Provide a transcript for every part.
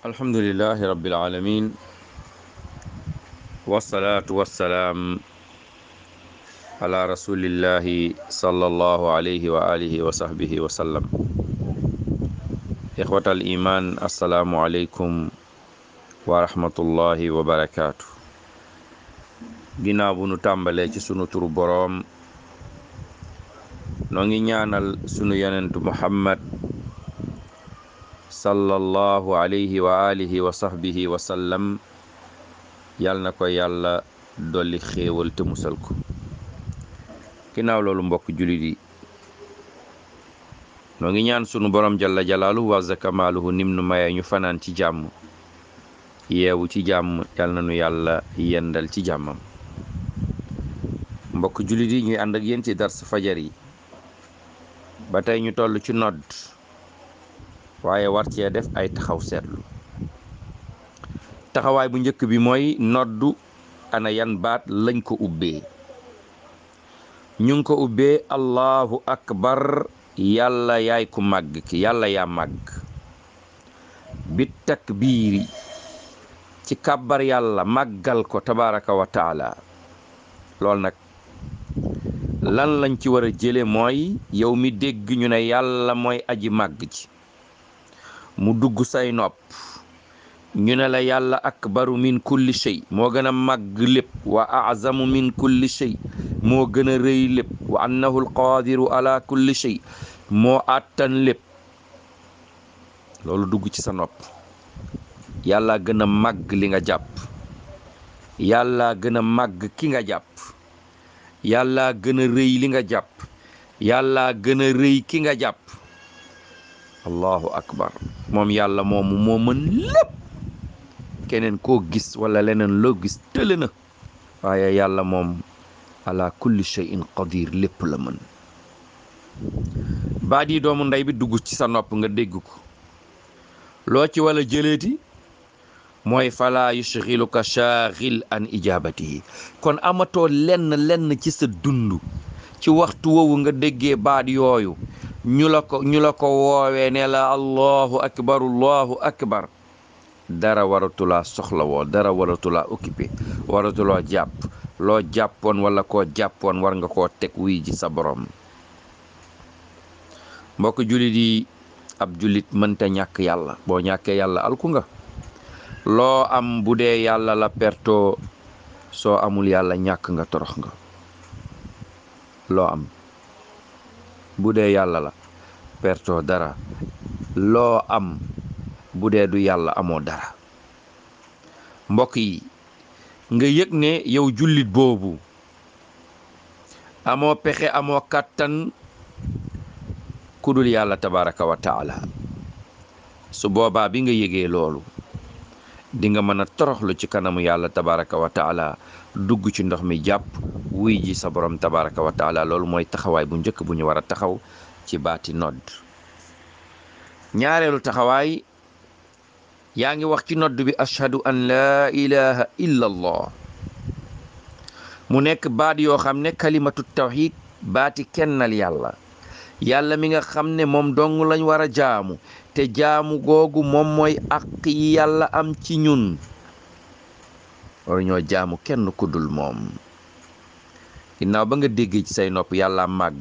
alhamdulilahi rabbil alamin wasalaatu wasalaam ala rasulillahi sallallahu alayhi wa alihi wa sahbihi wa sallam ixwatal iman assalaamu aleykum wa rahmatullahi wa barakaatu ginnaaw bu nu tàmbalee ci sunu turu boroom noo ngi ñaanal sunu yonentu muhammad sallallahu alayhi wa alihi wa sahbihi wa sallam yàlla na ko yàlla dolli xéewal te musal ko ginnaaw loolu mbokk jullit yi noo ngi ñaan sunu boroom jalla jalaaluhu wa zakamaaluhu nim nu mayee ñu fanaan ci jàmm yeewu ci jàmm yal na nu yàlla yendal ci jàmmam mbokk jullit yi ñuy ànd ak yéen ci dars fajar yi ba tey ñu toll ci nodd waaye war cee def ay taxaw seetlu taxawaay bu jëkk bi mooy noddu ana yan baat lañ ko ubbee ñu ngi ko ubbee allahu akbar yàlla yaay ku màgg ki yàlla yaa màgg bi takbiiri ci kàbbar yàlla màggal ko tabaraka wa loolu nag lan lañ ci war a jële mooy yow mi dégg ñu ne yàlla mooy aji màgg ci mu dugg say nopp ñu ne la yàlla akbaru min kulli shay moo gën a màgg lépp wa azamu min kulli shay moo gën a rëy lépp wa annahu alqadiru ala kulli shay moo àttan lépp loolu dugg ci sa nopp yàlla gën a màgg li nga jàpp yàlla gën a màgg ki nga jàpp yàlla gën a rëy li nga jàpp yàlla gën a rëy ki nga jàpp allahu akbar moom yàlla moomu moo mën lépp keneen koo gis walla leneen loo gis tële na waaye yàlla moom ala kulli shay'in qadir lépp la mën baat yi doomu ndey bi dugg ci sa nopp nga dégg ko loo ci wala jëleeti mooy fala yushghiluka shaaghil an ijaabatihi kon amatoo lenn lenn ci sa dund ci waxtu woowu nga déggee baat yooyu ñu la ko ñu la ko woowee ne la allahu akbar allahu akbar dara waratulaa soxlawoo dara waratulaa occupé waratuloo jàpp loo jàppoon wala koo jàppoon war nga ko teg wuy ji sa borom mbokk jullit yi ab jullit mënta ñàkk yàlla boo ñàkkee yàlla alku nga loo am bu dee yàlla la perto soo amul yàlla ñàkk nga torox nga loo am bu dee yàlla la perto dara loo am bu dee du yàlla amoo dara mbokk yi nga yëg ne yow jullit boobu amoo pexe amoo kàttan ku dul yàlla tabaraka wa taala su boobaa bi nga yëgee loolu dinga nga mën a toroxlu ci kanamu yàlla tabaraka wa taala dugg ci ndox mi jàpp wuy ji sa borom tabaraka wa taala loolu mooy taxawaay bu njëkk bu ñu war a taxaw ci baati nodd ñaareelu taxawaay yaa ngi wax ci nodd bi ashhadu an laa ilaha illa mu nekk baat yoo xam ne kalimatu tawxid baati kennal yàlla yàlla mi nga xam ne moom dong lañu war a jaamu te jaamu googu moom mooy àq yi yàlla am ci ñun waru ñoo jaamu kenn kuddul moom ginnaaw ba nga déggee say nopp yàlla màgg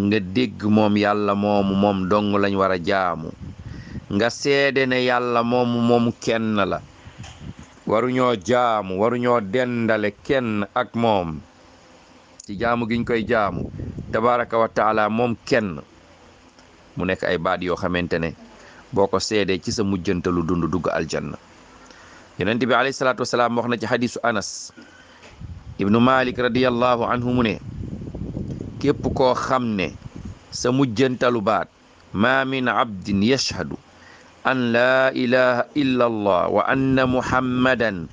nga dégg moom yàlla moomu moom dong lañ war a jaamu nga seede ne yàlla moomu moomu kenn la waruñoo jaamu waruñoo dendale kenn ak moom ci jaamu giñ koy jaamu tabaraka wa moom kenn mu nekk ay baat yoo xamante ne boo ko seedee ci sa mujjantalu dund dugg aljanna yonent bi alayhi salaatu wasalaam ci xadisu anas ibnu malik radiallahu anhu mu ne képp koo xam ne sa mujjantalu baat maa min abdin yashhadu an laa ilaha illa allah wa anna muhammadan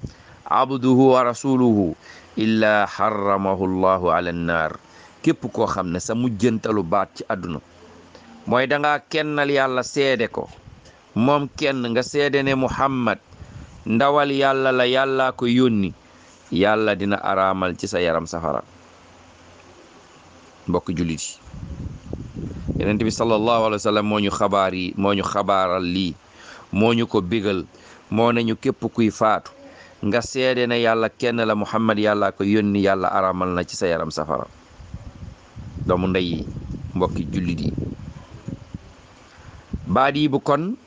abduhu wa rasuluhu illaa xaramahu allahu ala annaar képp koo xam ne sa mujjantalu baat ci àdduna mooy danga kennal yàlla seede ko moom kenn nga seede ne muhammad ndawal yàlla la yàlla ko yónni yàlla dina araamal ci sa yaram safara mbokk jullit yi bi sallallahu alayhi wa sallam moo ñu xabaaral lii moo ñu ko bégal moo nañu képp kuy faatu nga seede ne yàlla kenn la muhammad yàlla ko yónni yàlla araamal na ci sa yaram safara doomu ndey yi mbokki jullit yi baat yi kon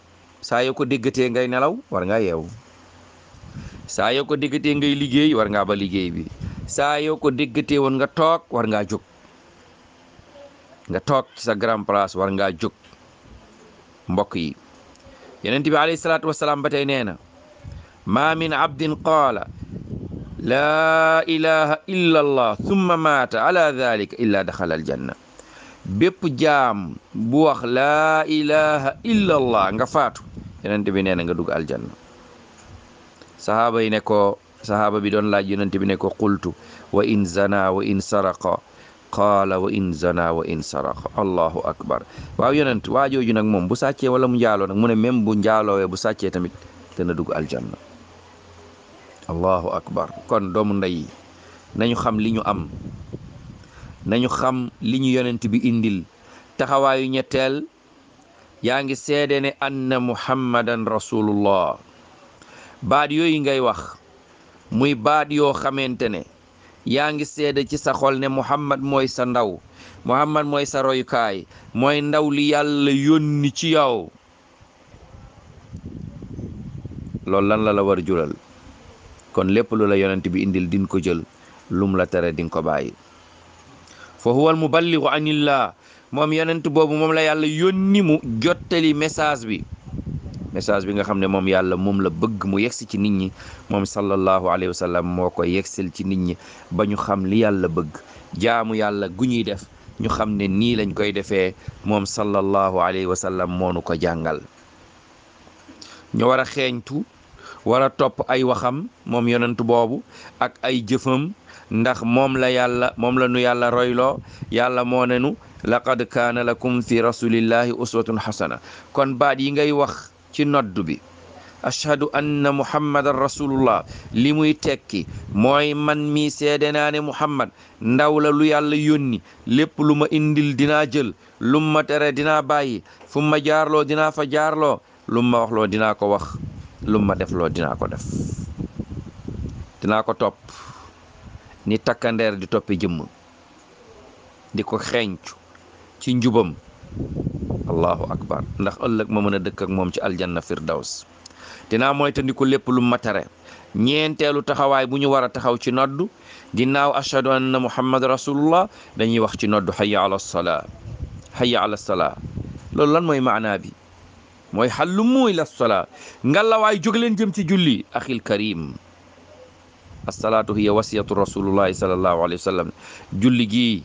saa yoo ko déggate ngay nelaw war ngaa yeew saa yoo ko déggatee ngay liggéey war ngaa ba liggéey bi saa yoo ko déggatee woon nga toog war ngaa jóg nga toog sa grand place war ngaa jóg mbokk yi yonent bi alayhi salaatu wasalaam ba tey nee na maa min abdin qaala laa ilaha illa allah summa maata ala dalika illaa aljanna bépp jaam bu wax laa ilaha illa nga faatu yonente bi nee na nga dugg aljanna sahaaba yi ne ko bi doon laaj yonente bi ne ko qultu wa in zana wa in saraqa qaala wa in zana wa in saraqa allahu akbar waaw yonent waajooju nag moom bu sàccee wala mu njaaloo nag mu ne même bu njaaloowe bu sàccee tamit dana dugg aljanna allahu akbar kon doomu ndey yi nañu xam li ñu am nañu xam li ñu yonent bi indil taxawaayu ñetteel yaa ngi seede ne anna muhammadan rasulullah baat yooyu ngay wax muy baat yoo xamante ne yaa ngi seede ci sa xol ne muhammad mooy sa ndaw muhammad mooy sa royukaay mooy ndaw li yàlla yónni ci yow loolu lan la la war jural kon lépp lu la yonent bi indil din ko jël lum la tere dinga ko bàyyi fa huwal muballigu anillah moom yonent boobu moom la yàlla yónni mu jottali message bi message bi nga xam ne moom yàlla moom la bëgg mu yegsi ci nit ñi moom sallallahu alayhi wa sallam moo ko yegsil ci nit ñi ba ñu xam li yàlla bëgg jaamu yàlla gu ñuy def ñu xam ne nii lañ koy defee moom sallallahu alayhi wa sallam moo nu ko jàngal ñu war xeeñtu wala topp ay waxam moom yonent boobu ak ay jëfam ndax moom la yàlla moom la nu yàlla royloo yàlla moo ne nu laqad kaana lakum fi rasulillahi uswatun xasana kon baat yi ngay wax ci noddu bi ashhadu anna muhammadan rasulullah li muy tekki mooy man mi seede naa ne muhammad ndaw la lu yàlla yónni lépp lu ma indil dinaa jël lu ma dinaa bàyyi fu ma jaarloo dinaa fa jaarloo lu ma waxloo dinaa ko wax lu ma def loo dinaa ko def dinaa ko topp ni takkandeer di toppi jëmm di ko xeeñcu ci njubam allahu akbar ndax ëllëg ma mën a dëkk ak moom ci aljanna firdaws dinaa moytandiku lépp lu matare ñeenteelu taxawaay bu ñu war a taxaw ci noddu ginnaaw ashhadu anna muhammad rasulullah dañuy wax ci noddu hayya ala salaa hayya ala salaa loolu lan mooy maanaa bi mooy xallu muy la sola ngalawaay jóg leen jëm ci julli axil karim asalaatu hiya wasiyatu rasulullahi sallallahu alayhi sallam julli gii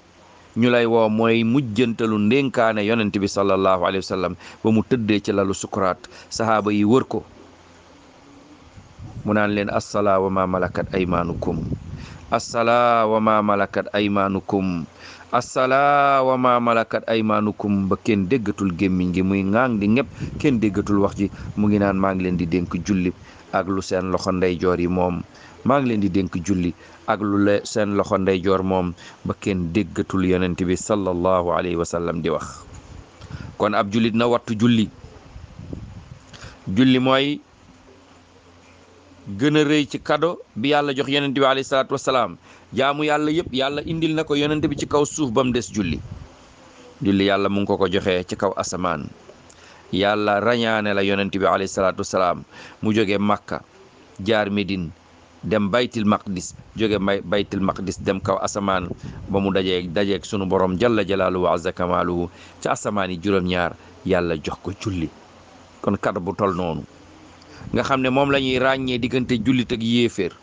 ñu lay woo mooy mujjantalu ndénkaane yonent bi sallallahu alayhi sallam ba mu tëddee ci lalu sukkuraat sahaaba yi wër ko mu naan leen assalaa wa ma malakat aymaanukum assalaa wa ma aymaanukum assalaa wa ma malakat aymaanukum ba kenn déggatul gémmiñ gi muy ŋaang di kenn déggatul wax ji mu ngi naan maa ngi leen di dénk julli ak lu seen loxo ndeyjoor yi moom maa ngi leen di dénk julli ak lu seen loxo ndeyjoor moom ba kenn déggatul yonent bi sallallahu alayhi wa sallam di wax kon ab jullit na wattu julli julli mooy gën a rëy ci cadeau bi yàlla jox yonent bi alayhi salaatu wasalaam jaamu yàlla yëpp yàlla indil na ko yonent bi ci kaw suuf ba mu des julli julli yàlla mu ngi ko ko joxee ci kaw asamaan yàlla rañaane la yonent bi alayhi salaatu wasalaam mu jóge Makka jaar Medine dem baytil maqdis jóge bay baytil maqdis dem kaw asamaan ba mu dajee dajeeg sunu borom jalla jalaaluhu wa azza ci asamaan yi juróom-ñaar yàlla jox ko julli kon kado bu tol noonu nga xam ne moom la ñuy ràññee diggante jullit ak yéeféer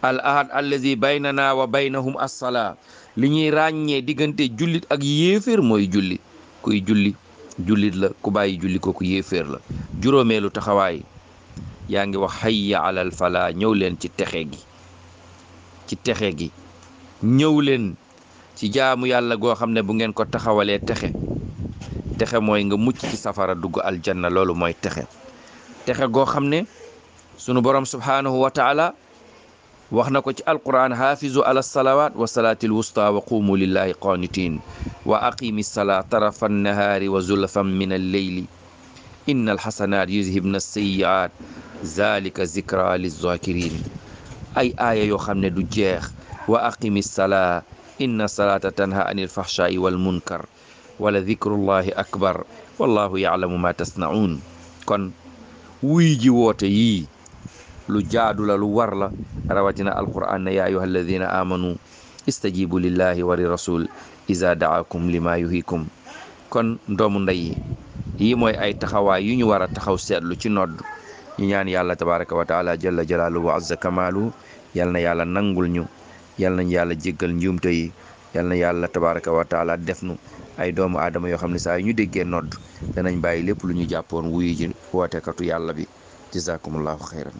al ahad allazi baynana wa baynahum assalaa li ñuy ràññee diggante jullit ak yéeféer mooy julli kuy julli jullit la ku bàyyi julli ko kooku yéeféer la juróomeelu taxawaay yaa ngi wax hayya alal falaa ñëw leen ci texe gi ci texe gi ñëw leen ci jaamu yàlla goo xam ne bu ngeen ko taxawalee texe texe mooy nga mucc ci safara dugg aljanna loolu mooy texe texe goo xam ne sunu borom subhaanahu wa taala wax na ko ci alquran hafizu ala salawat wa salaatil wusta wa qumu lillahi qanitin wa aqimi salaa tarafa annahaari wa zulfan min alleyli inna alxasanaat yuzhibna alseyiat zalika zikra lizakirin ay aaya yoo xam ne du jeex wa aqimi salaa inna salaata tanha anil fahshaai wal munkar wala dikrullahi akbar wallahu yaclamu ma tasnaun kon wuy ji woote yii lu jaadu la lu war la rawatina alquran ne yaa ayuha alladina amanu istajibu lillahi wa li rasul iza daakum lima yuhikum kon ndoomu ndey yi mooy ay taxawaay yu ñu war a taxaw seetlu ci nodd ñu ñaan yàlla tabaraka wa taala jalla jalaaluhu wa azza kamaalu na yàlla nangul ñu nañ yàlla jéggal njuumte yi na yàlla tabaraka wa taala def nu ay doomu aadama yoo xam ne saa yu ñu déggee nodd danañ bàyyi lépp lu ñu jàppoon wuyu ji wootekatu yàlla bi jazakumullahu xayran